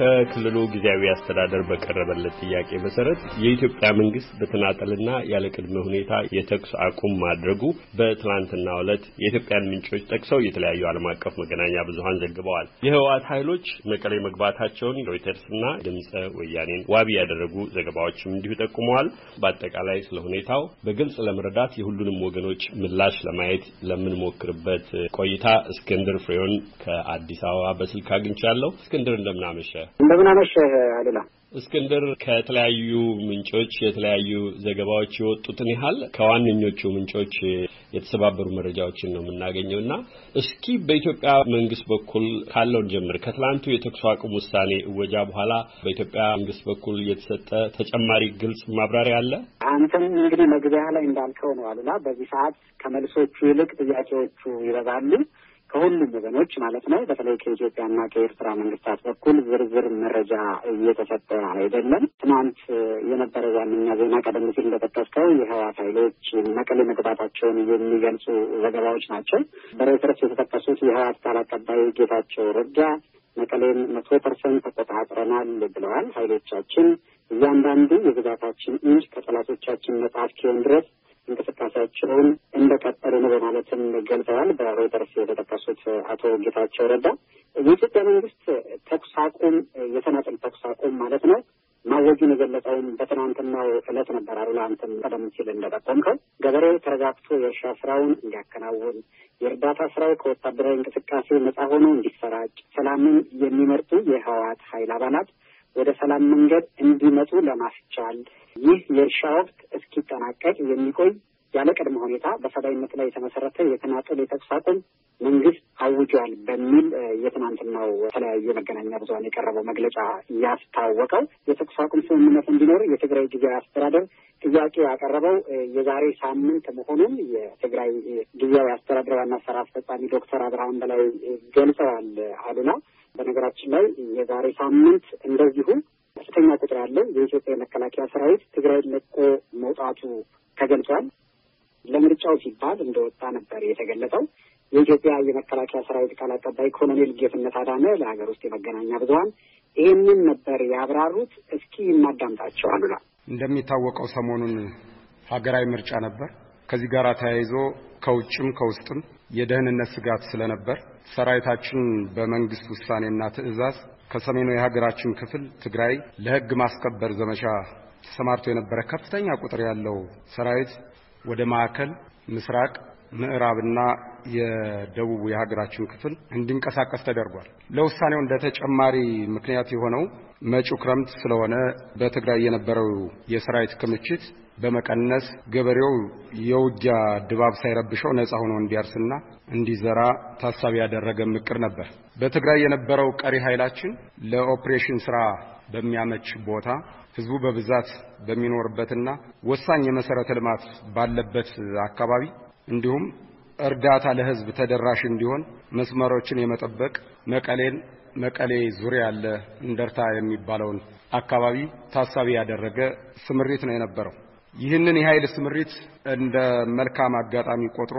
ከክልሉ ጊዜያዊ አስተዳደር በቀረበለት ጥያቄ መሰረት የኢትዮጵያ መንግስት በተናጠልና ያለ ቅድመ ሁኔታ የተኩስ አቁም ማድረጉ በትላንትና ዕለት የኢትዮጵያን ምንጮች ጠቅሰው የተለያዩ ዓለም አቀፍ መገናኛ ብዙሀን ዘግበዋል። የህወሓት ኃይሎች መቀሌ መግባታቸውን ሮይተርስና ድምፀ ወያኔን ዋቢ ያደረጉ ዘገባዎችም እንዲሁ ጠቁመዋል። በአጠቃላይ ስለ ሁኔታው በግልጽ ለመረዳት የሁሉንም ወገኖች ምላሽ ለማየት ለምንሞክርበት ቆይታ እስክንድር ፍሬውን ከአዲስ አበባ በስልክ አግኝቻለሁ። እስክንድር እንደምናመሸ እንደምን አመሸህ አሉላ። እስክንድር ከተለያዩ ምንጮች የተለያዩ ዘገባዎች የወጡትን ያህል ከዋነኞቹ ምንጮች የተሰባበሩ መረጃዎችን ነው የምናገኘው እና እስኪ በኢትዮጵያ መንግስት በኩል ካለውን ጀምር ከትላንቱ የተኩስ አቁም ውሳኔ እወጃ በኋላ በኢትዮጵያ መንግስት በኩል የተሰጠ ተጨማሪ ግልጽ ማብራሪያ አለ? አንተም እንግዲህ መግቢያ ላይ እንዳልከው ነው አሉላ። በዚህ ሰዓት ከመልሶቹ ይልቅ ጥያቄዎቹ ይበዛሉ። ከሁሉም ወገኖች ማለት ነው በተለይ ከኢትዮጵያና ከኤርትራ መንግስታት በኩል ዝርዝር መረጃ እየተሰጠ አይደለም። ትናንት የነበረ ዋነኛ ዜና ቀደም ሲል እንደጠቀስከው የህወሓት ኃይሎች መቀሌ መግባታቸውን የሚገልጹ ዘገባዎች ናቸው። በሮይተርስ የተጠቀሱት የህወሓት ቃል አቀባይ ጌታቸው ረዳ መቀሌን መቶ ፐርሰንት ተቆጣጥረናል ብለዋል። ኃይሎቻችን እያንዳንዱ የግዛታችን ኢንች ከጠላቶቻችን መጽሐፍ እስኪሆን ድረስ እንቅስቃሴያቸውን እንደቀጠሉ ነው በማለትም ገልጸዋል። በሮይተርስ የተጠቀሱት አቶ ጌታቸው ረዳ የኢትዮጵያ መንግስት ተኩስ አቁም የተናጠል ተኩስ አቁም ማለት ነው ማወጁን የገለጸውን በትናንትናው እለት ነበር። አሉላ አንተም ቀደም ሲል እንደጠቆምከው ገበሬው ተረጋግቶ የእርሻ ስራውን እንዲያከናውን፣ የእርዳታ ስራው ከወታደራዊ እንቅስቃሴ ነጻ ሆኖ እንዲሰራጭ፣ ሰላምን የሚመርጡ የህወሓት ኃይል አባላት ወደ ሰላም መንገድ እንዲመጡ ለማስቻል ይህ የእርሻ ወቅት እስኪጠናቀቅ የሚቆይ ያለ ቅድመ ሁኔታ በሰብአዊነት ላይ የተመሰረተ የተናጠል የተኩስ አቁም መንግስት አውጇል በሚል የትናንትናው የተለያዩ መገናኛ ብዙኃን የቀረበው መግለጫ ያስታወቀው የተኩስ አቁም ስምምነት እንዲኖር የትግራይ ጊዜያዊ አስተዳደር ጥያቄ ያቀረበው የዛሬ ሳምንት መሆኑን የትግራይ ጊዜያዊ አስተዳደር ዋና ስራ አስፈጻሚ ዶክተር አብርሃም በላይ ገልጸዋል። አሉና በነገራችን ላይ የዛሬ ሳምንት እንደዚሁ ከፍተኛ ቁጥር ያለው የኢትዮጵያ መከላከያ ሰራዊት ትግራይ ለቆ መውጣቱ ተገልጿል። ለምርጫው ሲባል እንደወጣ ነበር የተገለጸው። የኢትዮጵያ የመከላከያ ሰራዊት ቃል አቀባይ ኮሎኔል ጌትነት አዳነ ለሀገር ውስጥ የመገናኛ ብዙኃን ይህንን ነበር ያብራሩት። እስኪ እናዳምጣቸው። አሉላ፣ እንደሚታወቀው ሰሞኑን ሀገራዊ ምርጫ ነበር። ከዚህ ጋር ተያይዞ ከውጭም ከውስጥም የደህንነት ስጋት ስለነበር ሰራዊታችን በመንግስት ውሳኔና ትዕዛዝ ከሰሜኑ የሀገራችን ክፍል ትግራይ ለህግ ማስከበር ዘመቻ ተሰማርቶ የነበረ ከፍተኛ ቁጥር ያለው ሰራዊት ወደ ማዕከል ምስራቅ ምዕራብና የደቡብ የሀገራችን ክፍል እንዲንቀሳቀስ ተደርጓል። ለውሳኔው እንደ ተጨማሪ ምክንያት የሆነው መጪው ክረምት ስለሆነ በትግራይ የነበረው የሰራዊት ክምችት በመቀነስ ገበሬው የውጊያ ድባብ ሳይረብሸው ነፃ ሆኖ እንዲያርስና እንዲዘራ ታሳቢ ያደረገ ምክር ነበር። በትግራይ የነበረው ቀሪ ኃይላችን ለኦፕሬሽን ስራ በሚያመች ቦታ ህዝቡ በብዛት በሚኖርበትና ወሳኝ የመሰረተ ልማት ባለበት አካባቢ እንዲሁም እርዳታ ለህዝብ ተደራሽ እንዲሆን መስመሮችን የመጠበቅ መቀሌን መቀሌ ዙሪያ ያለ እንደርታ የሚባለውን አካባቢ ታሳቢ ያደረገ ስምሪት ነው የነበረው። ይህንን የኃይል ስምሪት እንደ መልካም አጋጣሚ ቆጥሮ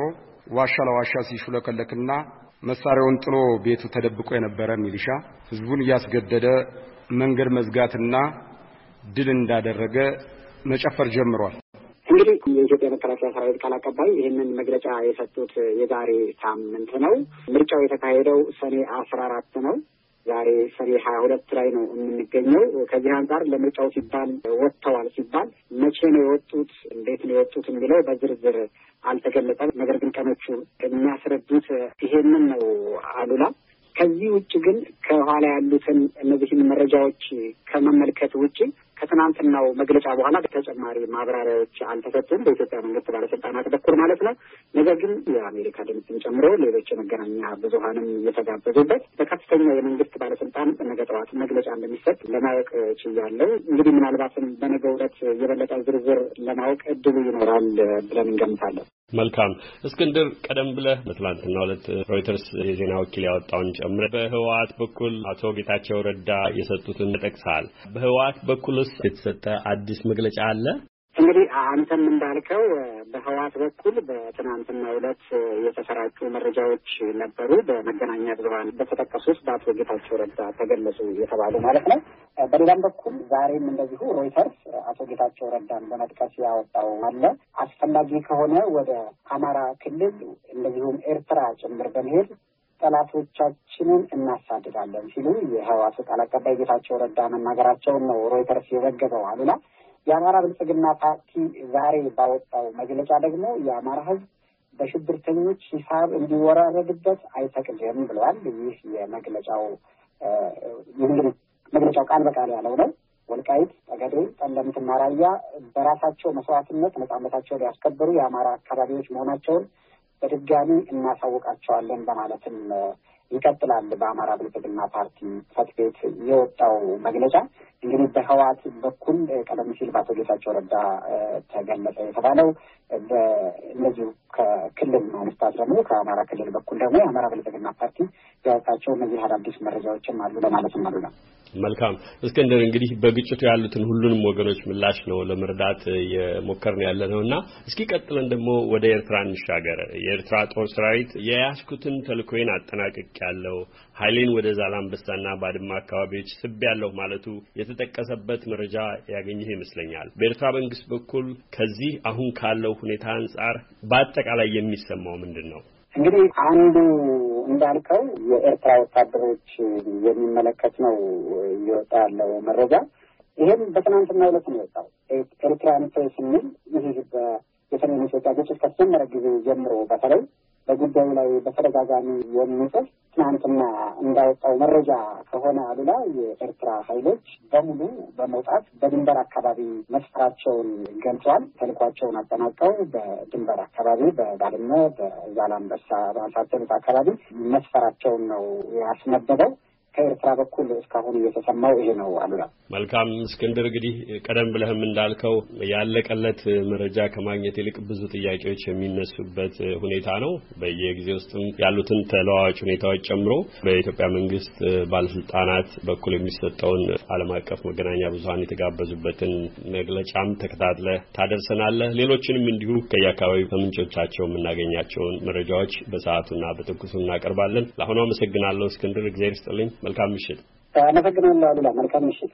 ዋሻ ለዋሻ ሲሹለከለክና መሳሪያውን ጥሎ ቤቱ ተደብቆ የነበረ ሚሊሻ ህዝቡን እያስገደደ መንገድ መዝጋትና ድል እንዳደረገ መጨፈር ጀምሯል። እንግዲህ የኢትዮጵያ መከላከያ ሰራዊት ቃል አቀባይ ይህንን መግለጫ የሰጡት የዛሬ ሳምንት ነው። ምርጫው የተካሄደው ሰኔ አስራ አራት ነው። ዛሬ ሰኔ ሀያ ሁለት ላይ ነው የምንገኘው። ከዚህ አንጻር ለምርጫው ሲባል ወጥተዋል ሲባል መቼ ነው የወጡት፣ እንዴት ነው የወጡት የሚለው በዝርዝር አልተገለጸም። ነገር ግን ቀኖቹ የሚያስረዱት ይሄንን ነው አሉላ ከዚህ ውጭ ግን ከኋላ ያሉትን እነዚህን መረጃዎች ከመመልከት ውጭ ከትናንትናው መግለጫ በኋላ ተጨማሪ ማብራሪያዎች አልተሰጡም፣ በኢትዮጵያ መንግስት ባለስልጣናት በኩል ማለት ነው። ነገር ግን የአሜሪካ ድምፅን ጨምሮ ሌሎች የመገናኛ ብዙሀንም እየተጋበዙበት በከፍተኛ የመንግስት ባለስልጣን ነገ ጠዋት መግለጫ እንደሚሰጥ ለማወቅ ችያለሁ። እንግዲህ ምናልባትም በነገ ዕለት የበለጠ ዝርዝር ለማወቅ እድሉ ይኖራል ብለን እንገምታለን። መልካም እስክንድር፣ ቀደም ብለህ በትላንትና ሁለት ሮይተርስ የዜና ወኪል ያወጣውን ጨምረ በህወሓት በኩል አቶ ጌታቸው ረዳ የሰጡትን ጠቅሳል። በህወሓት በኩልስ የተሰጠ አዲስ መግለጫ አለ? እንግዲህ አንተም እንዳልከው በህዋት በኩል በትናንትና ዕለት የተሰራጩ መረጃዎች ነበሩ። በመገናኛ ብዙሀን በተጠቀሱት በአቶ ጌታቸው ረዳ ተገለጹ የተባሉ ማለት ነው። በሌላም በኩል ዛሬም እንደዚሁ ሮይተርስ አቶ ጌታቸው ረዳን በመጥቀስ ያወጣው አለ። አስፈላጊ ከሆነ ወደ አማራ ክልል እንደዚሁም ኤርትራ ጭምር በመሄድ ጠላቶቻችንን እናሳድዳለን ሲሉ የህዋት ቃል አቀባይ ጌታቸው ረዳ መናገራቸውን ነው ሮይተርስ የዘገበው አሉላ የአማራ ብልጽግና ፓርቲ ዛሬ ባወጣው መግለጫ ደግሞ የአማራ ህዝብ በሽብርተኞች ሂሳብ እንዲወራረድበት አይፈቅድም ብለዋል። ይህ የመግለጫው እንግዲህ መግለጫው ቃል በቃል ያለው ነው። ወልቃይት፣ ጠገዴ፣ ጠለምትና ራያ በራሳቸው መስዋዕትነት ነጻነታቸውን ያስከበሩ የአማራ አካባቢዎች መሆናቸውን በድጋሚ እናሳውቃቸዋለን በማለትም ይቀጥላል። በአማራ ብልጽግና ፓርቲ ጽሕፈት ቤት የወጣው መግለጫ እንግዲህ በህዋት በኩል ቀደም ሲል በአቶ ጌታቸው ረዳ ተገለጸ የተባለው እነዚሁ ከክልል መንግስታት ደግሞ ከአማራ ክልል በኩል ደግሞ የአማራ ብልጽግና ፓርቲ ያወጣቸው እነዚህ አዳዲስ መረጃዎችም አሉ ለማለትም አሉ ነው። መልካም እስክንድር፣ እንግዲህ በግጭቱ ያሉትን ሁሉንም ወገኖች ምላሽ ነው ለመርዳት የሞከርነው ያለ ነው እና እስኪ ቀጥለን ደግሞ ወደ ኤርትራ እንሻገር። የኤርትራ ጦር ሰራዊት የያዝኩትን ተልእኮዬን አጠናቅቅ ያለው ኃይሌን ወደ ዛላምበሳና ባድማ አካባቢዎች ስብ ያለሁ ማለቱ የተጠቀሰበት መረጃ ያገኘህ ይመስለኛል። በኤርትራ መንግስት በኩል ከዚህ አሁን ካለው ሁኔታ አንጻር በአጠቃላይ የሚሰማው ምንድን ነው? እንግዲህ አንዱ እንዳልከው የኤርትራ ወታደሮች የሚመለከት ነው እየወጣ ያለው መረጃ። ይህም በትናንትና ዕለት ነው የወጣው። ኤርትራን ንቶ ስንል ይህ በሰሜን ኢትዮጵያ ግጭት ከተጀመረ ጊዜ ጀምሮ በተለይ በጉዳዩ ላይ በተደጋጋሚ የሚጽፍ ትናንትና እንዳወጣው መረጃ ከሆነ አሉላ የኤርትራ ኃይሎች በሙሉ በመውጣት በድንበር አካባቢ መስፈራቸውን ገልጿል። ተልኳቸውን አጠናቀው በድንበር አካባቢ በባልነ በዛላንበሳ ባሳደሩት አካባቢ መስፈራቸውን ነው ያስነበበው። ከኤርትራ በኩል እስካሁን እየተሰማው ይሄ ነው። አሉላ መልካም እስክንድር፣ እንግዲህ ቀደም ብለህም እንዳልከው ያለቀለት መረጃ ከማግኘት ይልቅ ብዙ ጥያቄዎች የሚነሱበት ሁኔታ ነው። በየጊዜ ውስጥም ያሉትን ተለዋዋጭ ሁኔታዎች ጨምሮ በኢትዮጵያ መንግስት ባለስልጣናት በኩል የሚሰጠውን ዓለም አቀፍ መገናኛ ብዙሀን የተጋበዙበትን መግለጫም ተከታትለህ ታደርሰናለህ። ሌሎችንም እንዲሁ ከየአካባቢው ከምንጮቻቸው የምናገኛቸውን መረጃዎች በሰዓቱና በትኩሱ እናቀርባለን። ለአሁኑ አመሰግናለሁ እስክንድር፣ እግዜር ይስጥልኝ። መልካም ምሽት። አመሰግናለሁ አሉላ። መልካም ምሽት።